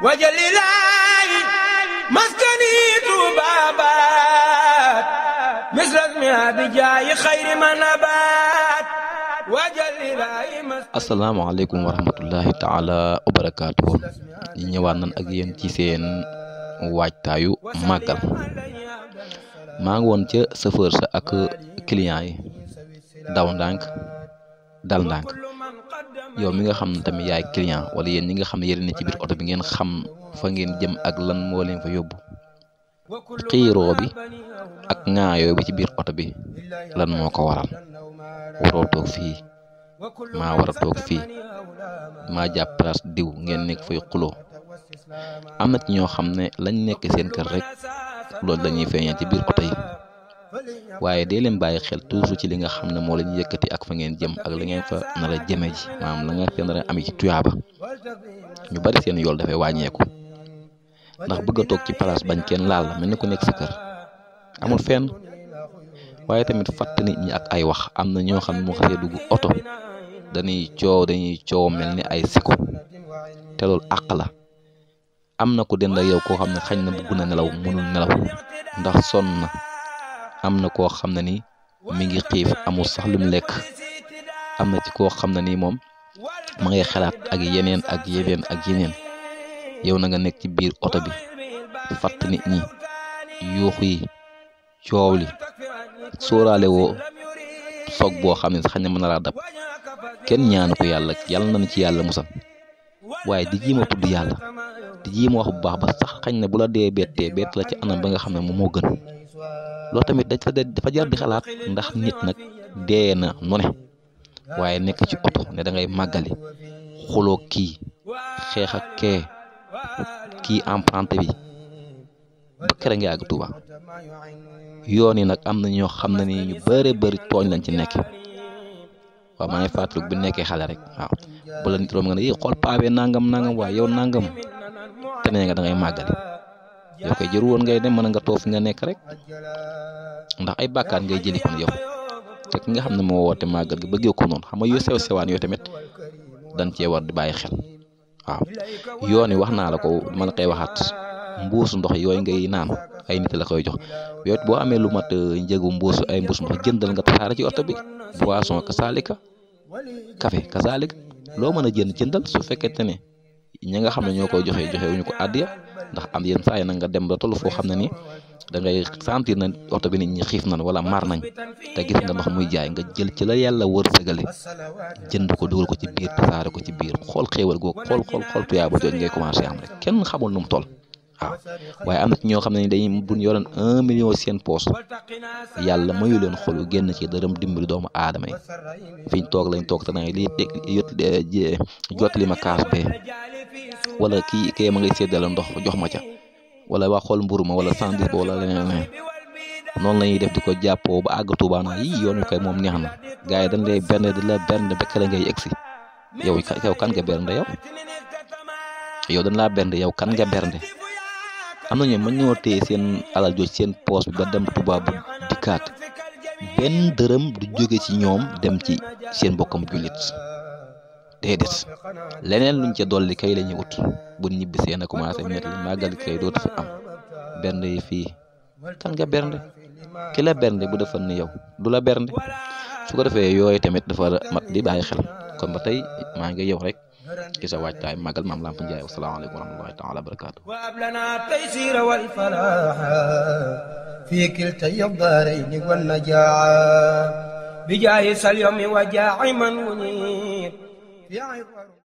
wajalilaayi maskani tubaabaat misras mi abijaayi xayri manabaat wajalilaayi maskani asalaamaaleykum wa rahmatullahi taala wa barakaatu ñëwaat nan ak yéen ci seen waajtaayu màggal maa ngi woon ca chauffeur sa ak client yi daw ndànk dal ndànk yow mi nga xam ne tamit yaay client wala yéen ñi nga xam ne yéen ne ci biir oto bi ngeen xam fa ngeen jëm ak lan moo leen fa yóbbu xiiroo bi ak ŋaayoo bi ci biir oto bi lan moo ko waral waroo toog fii maa war toog fii maa jàpp place diw ngeen nekk fay xuloo am na ci ñoo xam ne lañ nekk seen kër rek loolu dañuy feeñal ci biir oto yi waaye dee leen bàyyi xel toujours ci li nga xam ne moo leen yëkkati ak fa ngeen jëm ak la ngeen fa nar a jëme ji maanaam la nga fa nar am ci ñu bari seen yool dafay wàññeeku ndax bëgg a toog ci place bañ kenn laal mel ni ku nekk sa amul fenn waaye tamit fàtte ñi ak ay wax am na ñoo xam ne mu xasee dugg oto dañuy coow dañuy coow mel ni ay siko te loolu àq la am na ku den la yow koo xam ne xañ na bëgg na nelaw mënul nelaw ndax sonn na am na koo xam ne ni mi ngi xiif amul sax lu mu lekk am na ci koo xam na ni moom mu ngay xalaat ak yeneen ak yeneen ak yeneen yow na nga nekk ci biir oto bi fatt nit ni yuuxu yi coow li sóoraale woo soog boo xam ne sax xañ na mën na laa dab kenn ñaanu ko yàlla yàlla na nañu ci yàlla musal waaye di jiima tudd yàlla di jiima wax bu baax ba sax xañ na bu la dee bettee bett la ci anam ba nga xam ne moom moo gën loolu tamit dafa jar di xalaat ndax nit nag dee na nu ne waaye nekk ci oto ne dangay màggali xuloo kii xeex ak kee kii emprunté bi ba kere nga àgg Tuuba yoon yi nag am na ñoo xam ne ni ñu bëre bëri tooñ lañ ci nekk waaw maa ngi fàttaliku bu nekkee xale rek waaw bu la nit romb nga ne xool paa bee nangam nangam waaye yow nangam te nee nga da màggali. yow koy jëruwoon ngay dem mën nga toog nga nek rek ndax ay bakkan ngay jëli kon yow te ki nga xam mo moo magal màggal gi bëggee ko non xam nga yoo sew sewaan yu tamit dañ ci war di bàyyi xel waaw yoni waxna la ko man xey waxat mbuusu ndox yoy ngay naan ay nit la koy jox yow bo amé lu mat njëgu mbuusu ay mbuusu ndox jëndal nga taara ci auto bi boisson salika café ka loo lo a jënd jëndal su fekkente ne ñi nga xam ñoko ñoo koy joxe joxe wuñu ko àddiya ndax am yenn saa yi nag nga dem ba toll foo xam ne ni da ngay sentir na oto bi ni ñi xiif nañ wala mar nañ te gis nga ndox muy jaay nga jël ci la yàlla wërsëgale jënd ko dugal ko ci biir tasaare ko ci biir xool xéewal googu xool xool xool tuyaa ba jooju commencé am kenn xamul nu mu waaye am na ñoo xam ne ni dañuy buñ yoroon un million yàlla mayu leen xolu génn ci dërëm dimbali doomu aadama yi toog lañ toog te nag lii jot li ma kaas bee wala kii kii ma ngay séddale ndox jox ma ca wala waa xool mburu ma wala sandis ba wala leneen leneen noonu la ñuy def di ko jàppoo ba àgg Tuubaa naa yii yoon wi kay moom neex na gars yi dañ lay bernde di la bernde ba kër ngay egg si yow yow kan nga bernde yow yow dañ laa bernde yow kan nga bernde am na ñoom mën ñoo seen alal jooj seen poos bi ba dem Tuubaa bu dikkaat benn dërëm du jóge ci ñoom dem ci seen bokkam jullit dedet leneen luñ ci dolli kay lañu ñuy wut bu ñibbisee na commencé ñet li magal kay dootu fi am bernde fi tan kan nga bernde ki la bernde bu defal ni yow du la bernde su ko defé yoy tamit dafa mat di baye xel kon ba tay ma nga yow rek ci sa tay magal mam Lamp assalamu alaykum wa rahmatullahi taala wa barakatuh wa ablana taysir wal falaah fi kilta daarayni wal najaa bijaahi sal yomi wa jaa'iman muni يا